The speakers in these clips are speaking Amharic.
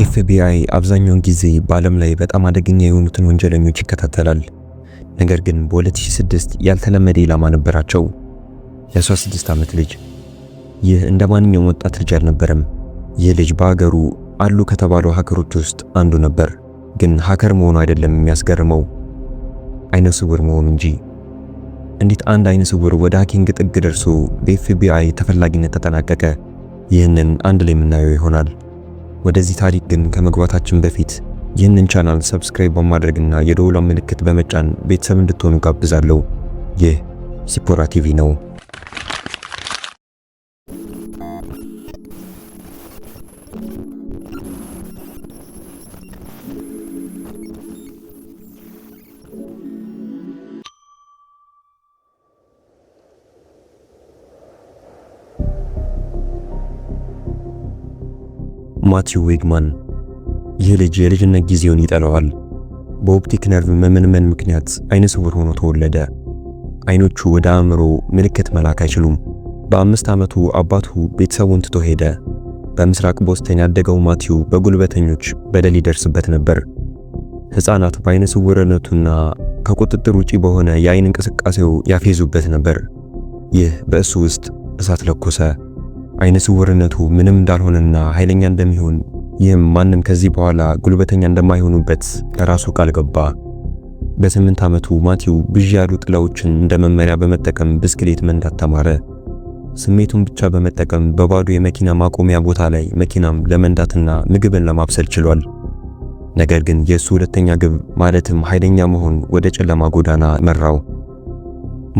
ኤፍቢአይ አብዛኛውን ጊዜ በዓለም ላይ በጣም አደገኛ የሆኑትን ወንጀለኞች ይከታተላል። ነገር ግን በ2006 ያልተለመደ ኢላማ ነበራቸው፣ የ16 ዓመት ልጅ። ይህ እንደ ማንኛውም ወጣት ልጅ አልነበረም። ይህ ልጅ በሀገሩ አሉ ከተባሉ ሀከሮች ውስጥ አንዱ ነበር። ግን ሀከር መሆኑ አይደለም የሚያስገርመው፣ አይነ ስውር መሆኑ እንጂ። እንዴት አንድ አይነ ስውር ወደ ሀኪንግ ጥግ ደርሶ በኤፍቢአይ ተፈላጊነት ተጠናቀቀ? ይህንን አንድ ላይ የምናየው ይሆናል። ወደዚህ ታሪክ ግን ከመግባታችን በፊት ይህንን ቻናል ሰብስክራይብ በማድረግና የደወሏን ምልክት በመጫን ቤተሰብ እንድትሆኑ ጋብዛለሁ። ይህ ሲፖራ ቲቪ ነው። ማቲው ዌግማን። ይህ ልጅ የልጅነት ጊዜውን ይጠላዋል። በኦፕቲክ ነርቭ መመንመን ምክንያት አይነ ስውር ሆኖ ተወለደ። አይኖቹ ወደ አእምሮ ምልክት መላክ አይችሉም። በአምስት ዓመቱ አባቱ ቤተሰቡን ትቶ ሄደ። በምስራቅ ቦስተን ያደገው ማቲው በጉልበተኞች በደል ይደርስበት ነበር። ሕፃናት በአይነ ስውርነቱና ከቁጥጥር ውጪ በሆነ የአይን እንቅስቃሴው ያፌዙበት ነበር። ይህ በእሱ ውስጥ እሳት ለኮሰ። አይነ ስውርነቱ ምንም እንዳልሆነና ኃይለኛ እንደሚሆን ይህም ማንም ከዚህ በኋላ ጉልበተኛ እንደማይሆኑበት ለራሱ ቃል ገባ። በስምንት ዓመቱ ማቲው ብዥ ያሉ ጥላዎችን እንደ መመሪያ በመጠቀም ብስክሌት መንዳት ተማረ። ስሜቱን ብቻ በመጠቀም በባዶ የመኪና ማቆሚያ ቦታ ላይ መኪናም ለመንዳትና ምግብን ለማብሰል ችሏል። ነገር ግን የእሱ ሁለተኛ ግብ ማለትም ኃይለኛ መሆን ወደ ጨለማ ጎዳና መራው።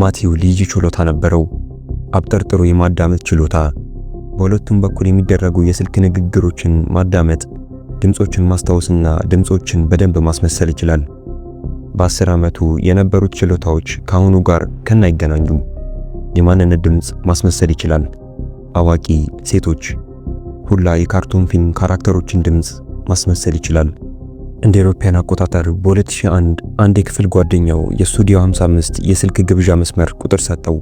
ማቲው ልዩ ችሎታ ነበረው፣ አብጠርጥሮ የማዳመጥ ችሎታ በሁለቱም በኩል የሚደረጉ የስልክ ንግግሮችን ማዳመጥ፣ ድምጾችን ማስታወስና ድምጾችን በደንብ ማስመሰል ይችላል። በአስር ዓመቱ የነበሩት ችሎታዎች ከአሁኑ ጋር ከና ይገናኙ። የማንነት ድምፅ ማስመሰል ይችላል። አዋቂ ሴቶች ሁላ የካርቱን ፊልም ካራክተሮችን ድምፅ ማስመሰል ይችላል። እንደ አውሮፓውያን አቆጣጠር በ2001 አንድ የክፍል ጓደኛው የስቱዲዮ 55 የስልክ ግብዣ መስመር ቁጥር ሰጠው።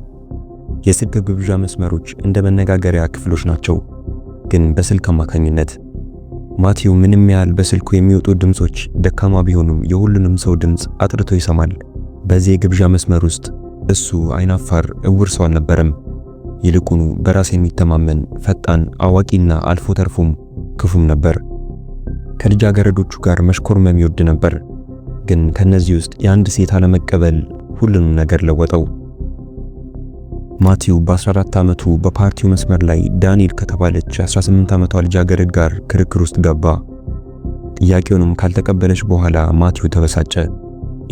የስልክ ግብዣ መስመሮች እንደ መነጋገሪያ ክፍሎች ናቸው፣ ግን በስልክ አማካኝነት። ማቴው ምንም ያህል በስልኩ የሚወጡ ድምጾች ደካማ ቢሆኑም የሁሉንም ሰው ድምፅ አጥርቶ ይሰማል። በዚህ የግብዣ መስመር ውስጥ እሱ አይናፋር እውር ሰው አልነበረም። ይልቁኑ በራስ የሚተማመን ፈጣን፣ አዋቂና አልፎ ተርፎም ክፉም ነበር። ከልጃገረዶቹ ጋር መሽኮርመም ይወድ ነበር። ግን ከነዚህ ውስጥ የአንድ ሴት አለመቀበል ሁሉንም ነገር ለወጠው። ማቲው በ14 ዓመቱ በፓርቲው መስመር ላይ ዳንኤል ከተባለች 18 ዓመቷ ልጃገረድ ጋር ክርክር ውስጥ ገባ። ጥያቄውንም ካልተቀበለች በኋላ ማቲው ተበሳጨ።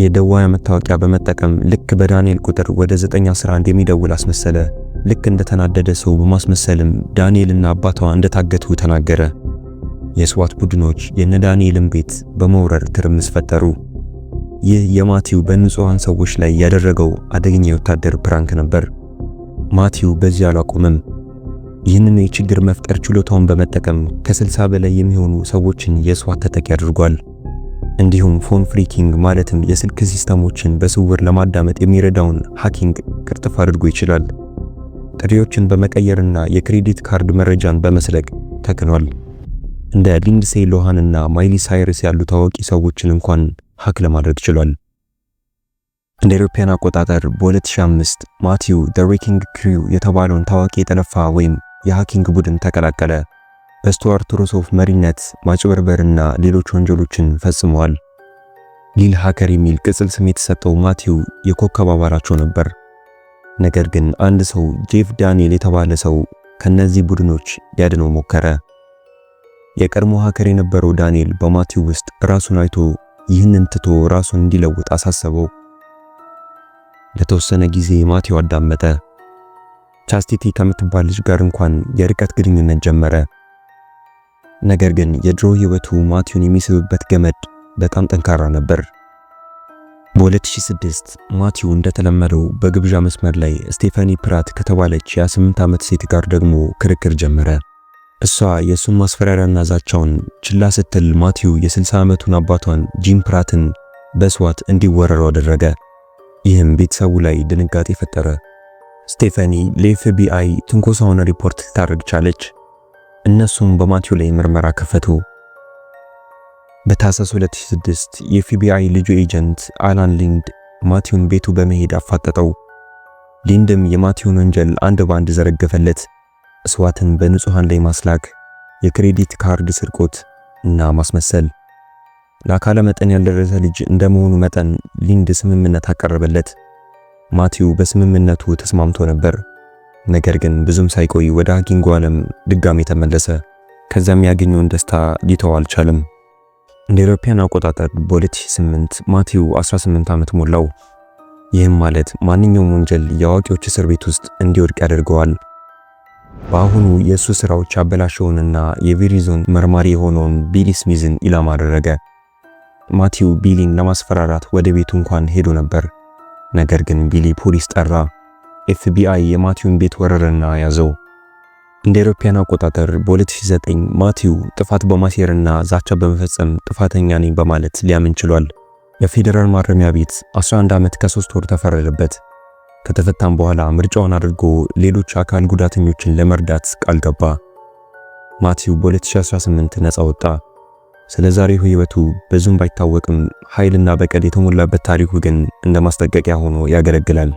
የደዋያ መታወቂያ በመጠቀም ልክ በዳንኤል ቁጥር ወደ 911 የሚደውል አስመሰለ። ልክ እንደተናደደ ሰው በማስመሰልም ዳንኤልና አባቷ እንደታገቱ ተናገረ። የስዋት ቡድኖች የነ ዳንኤልን ቤት በመውረር ትርምስ ፈጠሩ። ይህ የማቲው በንጹሃን ሰዎች ላይ ያደረገው አደገኛ የወታደር ፕራንክ ነበር። ማቲው በዚህ አላቆመም። ይህንን የችግር መፍጠር ችሎታውን በመጠቀም ከ60 በላይ የሚሆኑ ሰዎችን የእስዋት ተጠቂ አድርጓል። እንዲሁም ፎን ፍሪኪንግ ማለትም የስልክ ሲስተሞችን በስውር ለማዳመጥ የሚረዳውን ሃኪንግ ቅርጥፍ አድርጎ ይችላል። ጥሪዎችን በመቀየርና የክሬዲት ካርድ መረጃን በመስለቅ ተክኗል። እንደ ሊንድሴ ሎሃንና ማይሊ ሳይረስ ያሉ ታዋቂ ሰዎችን እንኳን ሀክ ለማድረግ ችሏል። እንደ ኢሮፓያን አቆጣጠር በ2005 ማቲው ዘ ሪኪንግ ክሪው የተባለውን ታዋቂ የጠለፋ ወይም የሃኪንግ ቡድን ተቀላቀለ። በስቱዋርት ሩሶፍ መሪነት ማጭበርበርና ሌሎች ወንጀሎችን ፈጽመዋል። ሊል ሃከር የሚል ቅጽል ስም የተሰጠው ማቲው የኮከብ አባላቸው ነበር። ነገር ግን አንድ ሰው ጄፍ ዳንኤል የተባለ ሰው ከነዚህ ቡድኖች ሊያድነው ሞከረ። የቀድሞ ሃከር የነበረው ዳንኤል በማቲው ውስጥ ራሱን አይቶ ይህንን ትቶ ራሱን እንዲለውጥ አሳሰበው። ለተወሰነ ጊዜ ማቴዎ አዳመጠ። ቻስቲቲ ከምትባል ልጅ ጋር እንኳን የርቀት ግንኙነት ጀመረ። ነገር ግን የድሮ ሕይወቱ ማቴዎን የሚስብበት ገመድ በጣም ጠንካራ ነበር። በ2006 ማቲው እንደተለመደው በግብዣ መስመር ላይ ስቴፋኒ ፕራት ከተባለች የ28 ዓመት ሴት ጋር ደግሞ ክርክር ጀመረ። እሷ የእሱን ማስፈራሪያና ዛቻውን ችላ ስትል ማቲው የ60 ዓመቱን አባቷን ጂም ፕራትን በስዋት እንዲወረሩ አደረገ። ይህም ቤተሰቡ ላይ ድንጋጤ ፈጠረ። ስቴፈኒ ለኤፍቢአይ ትንኮሳውን ሪፖርት ልታደርግ ቻለች። እነሱም በማቲው ላይ ምርመራ ከፈቱ። በታህሳስ 2006 የኤፍቢአይ ልጁ ኤጀንት አላን ሊንድ ማቲውን ቤቱ በመሄድ አፋጠጠው። ሊንድም የማቲውን ወንጀል አንድ ባንድ ዘረገፈለት። እስዋትን በንጹሃን ላይ ማስላክ፣ የክሬዲት ካርድ ስርቆት እና ማስመሰል ለአካለ መጠን ያልደረሰ ልጅ እንደመሆኑ መጠን ሊንድ ስምምነት አቀረበለት። ማቲው በስምምነቱ ተስማምቶ ነበር። ነገር ግን ብዙም ሳይቆይ ወደ ሀኪንጎ ዓለም ድጋሜ ተመለሰ። ከዚያም ያገኘውን ደስታ ሊተው አልቻለም። እንደ ኢሮፓያን አቆጣጠር በ2008 ማቲው 18 ዓመት ሞላው። ይህም ማለት ማንኛውም ወንጀል የአዋቂዎች እስር ቤት ውስጥ እንዲወድቅ ያደርገዋል። በአሁኑ የእሱ ሥራዎች ያበላሸውንና የቬሪዞን መርማሪ የሆነውን ቢሊ ስሚዝን ኢላማ አደረገ። ማቲው ቢሊን ለማስፈራራት ወደ ቤቱ እንኳን ሄዶ ነበር። ነገር ግን ቢሊ ፖሊስ ጠራ። ኤፍቢአይ የማቲውን ቤት ወረረና ያዘው። እንደ አውሮፓውያን አቆጣጠር በ2009 ማቲው ጥፋት በማሴርና ዛቻ በመፈጸም ጥፋተኛ ነኝ በማለት ሊያምን ችሏል። የፌዴራል ማረሚያ ቤት 11 ዓመት ከ3 ወር ተፈረደበት። ከተፈታም በኋላ ምርጫውን አድርጎ ሌሎች አካል ጉዳተኞችን ለመርዳት ቃል ገባ። ማቲው በ2018 ነፃ ወጣ። ስለ ዛሬው ህይወቱ ብዙም ባይታወቅም ኃይልና በቀል የተሞላበት ታሪኩ ግን እንደ ማስጠንቀቂያ ሆኖ ያገለግላል።